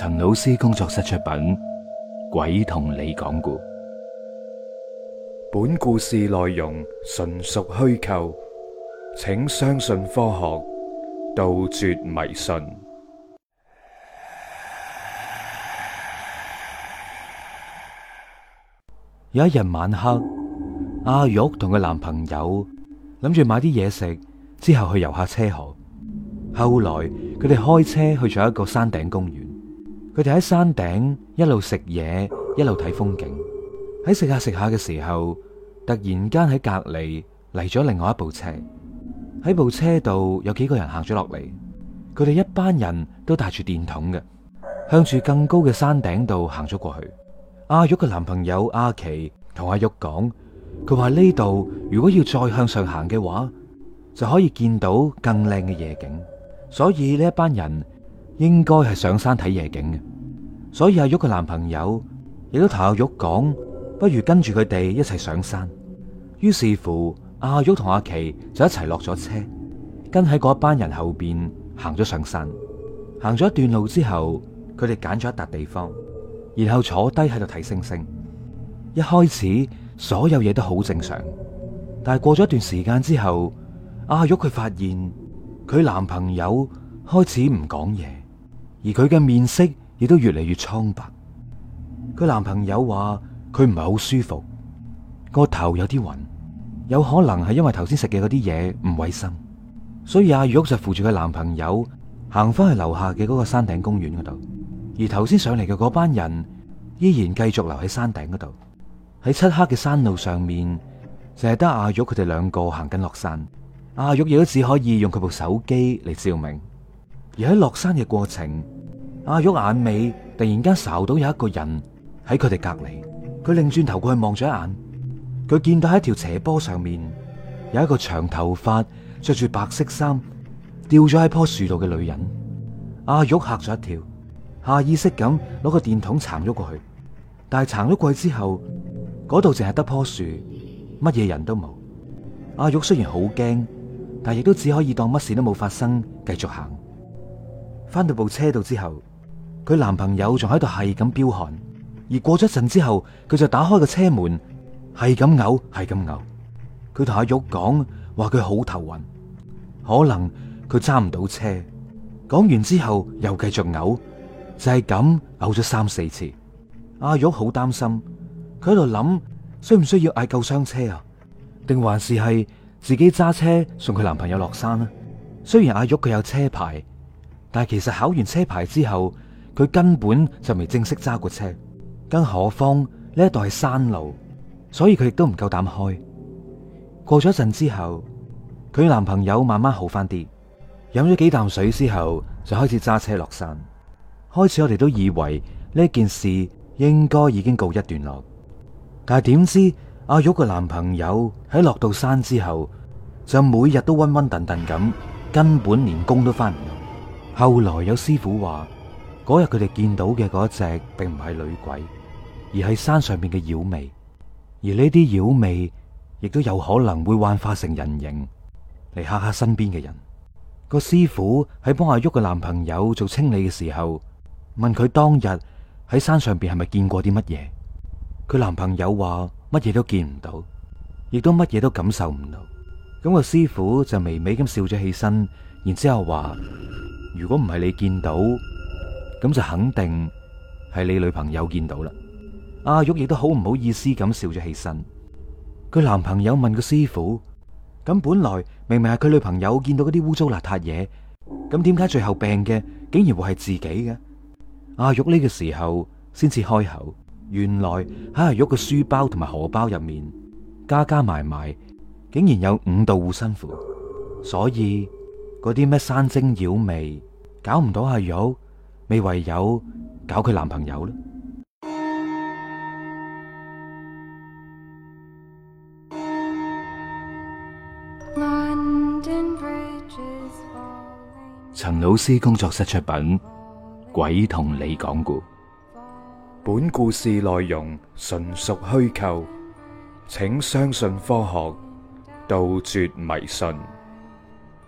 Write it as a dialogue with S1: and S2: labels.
S1: 陳老師工作室出品《鬼同你講故》，本故事內容純屬虛構，請相信科學，杜絕迷信。有一日晚黑，阿玉同佢男朋友諗住買啲嘢食，之後去遊下車河。後來佢哋開車去咗一個山頂公園。佢哋喺山頂一路食嘢，一路睇風景。喺食下食下嘅時候，突然間喺隔籬嚟咗另外一部車。喺部車度有幾個人行咗落嚟，佢哋一班人都帶住電筒嘅，向住更高嘅山頂度行咗過去。阿玉嘅男朋友阿琪同阿玉講，佢話呢度如果要再向上行嘅話，就可以見到更靚嘅夜景。所以呢一班人，應該係上山睇夜景嘅，所以阿玉佢男朋友亦都同阿玉講，不如跟住佢哋一齊上山。於是乎，阿玉同阿琪就一齊落咗車，跟喺嗰班人後邊行咗上山。行咗一段路之後，佢哋揀咗一笪地方，然後坐低喺度睇星星。一開始所有嘢都好正常，但係過咗一段時間之後，阿玉佢發現佢男朋友開始唔講嘢。而佢嘅面色亦都越嚟越蒼白。佢男朋友話佢唔係好舒服，個頭有啲暈，有可能係因為頭先食嘅嗰啲嘢唔衛生。所以阿玉就扶住佢男朋友行翻去樓下嘅嗰個山頂公園嗰度。而頭先上嚟嘅嗰班人依然繼續留喺山頂嗰度。喺漆黑嘅山路上面，淨係得阿玉佢哋兩個行緊落山。阿玉亦都只可以用佢部手機嚟照明。而喺落山嘅過程，阿玉眼尾突然間睄到有一個人喺佢哋隔籬，佢擰轉頭過去望咗一眼，佢見到喺條斜坡上面有一個長頭髮、着住白色衫、吊咗喺棵樹度嘅女人。阿玉吓咗一跳，下意識咁攞個電筒撐咗過去，但係撐咗過去之後，嗰度淨係得棵樹，乜嘢人都冇。阿玉雖然好驚，但係亦都只可以當乜事都冇發生，繼續行。翻到部車度之後，佢男朋友仲喺度係咁飆汗。而過咗陣之後，佢就打開個車門，係咁嘔，係咁嘔。佢同阿玉講，話佢好頭暈，可能佢揸唔到車。講完之後又繼續嘔，就係咁嘔咗三四次。阿玉好擔心，佢喺度諗，需唔需要嗌救傷車啊？定還是係自己揸車送佢男朋友落山呢？雖然阿玉佢有車牌。但係其實考完車牌之後，佢根本就未正式揸過車，更何況，呢一度係山路，所以佢亦都唔夠膽開。過咗一陣之後，佢男朋友慢慢好翻啲，飲咗幾啖水之後，就開始揸車落山。開始我哋都以為呢件事應該已經告一段落，但係點知阿玉嘅男朋友喺落到山之後，就每日都昏昏沌沌咁，根本連工都翻唔到。後來有師傅話，嗰日佢哋見到嘅嗰一隻，並唔係女鬼，而係山上邊嘅妖魅。而呢啲妖魅亦都有可能會幻化成人形嚟嚇嚇身邊嘅人。個師傅喺幫阿旭嘅男朋友做清理嘅時候，問佢當日喺山上邊係咪見過啲乜嘢？佢男朋友話乜嘢都見唔到，亦都乜嘢都感受唔到。咁個師傅就微微咁笑咗起身，然之後話。如果唔係你見到，咁就肯定係你女朋友見到啦。阿玉亦都好唔好意思咁笑咗起身。佢男朋友問個師傅：咁本來明明係佢女朋友見到嗰啲污糟邋遢嘢，咁點解最後病嘅竟然會係自己嘅？阿玉呢個時候先至開口：原來喺阿玉嘅書包同埋荷包入面，加加埋埋，竟然有五道護身符，所以。嗰啲咩山精妖魅搞唔到阿玉，咪唯有搞佢男朋友咯。陳老師工作室出品，《鬼同你講故》，本故事內容純屬虛構，請相信科學，杜絕迷信。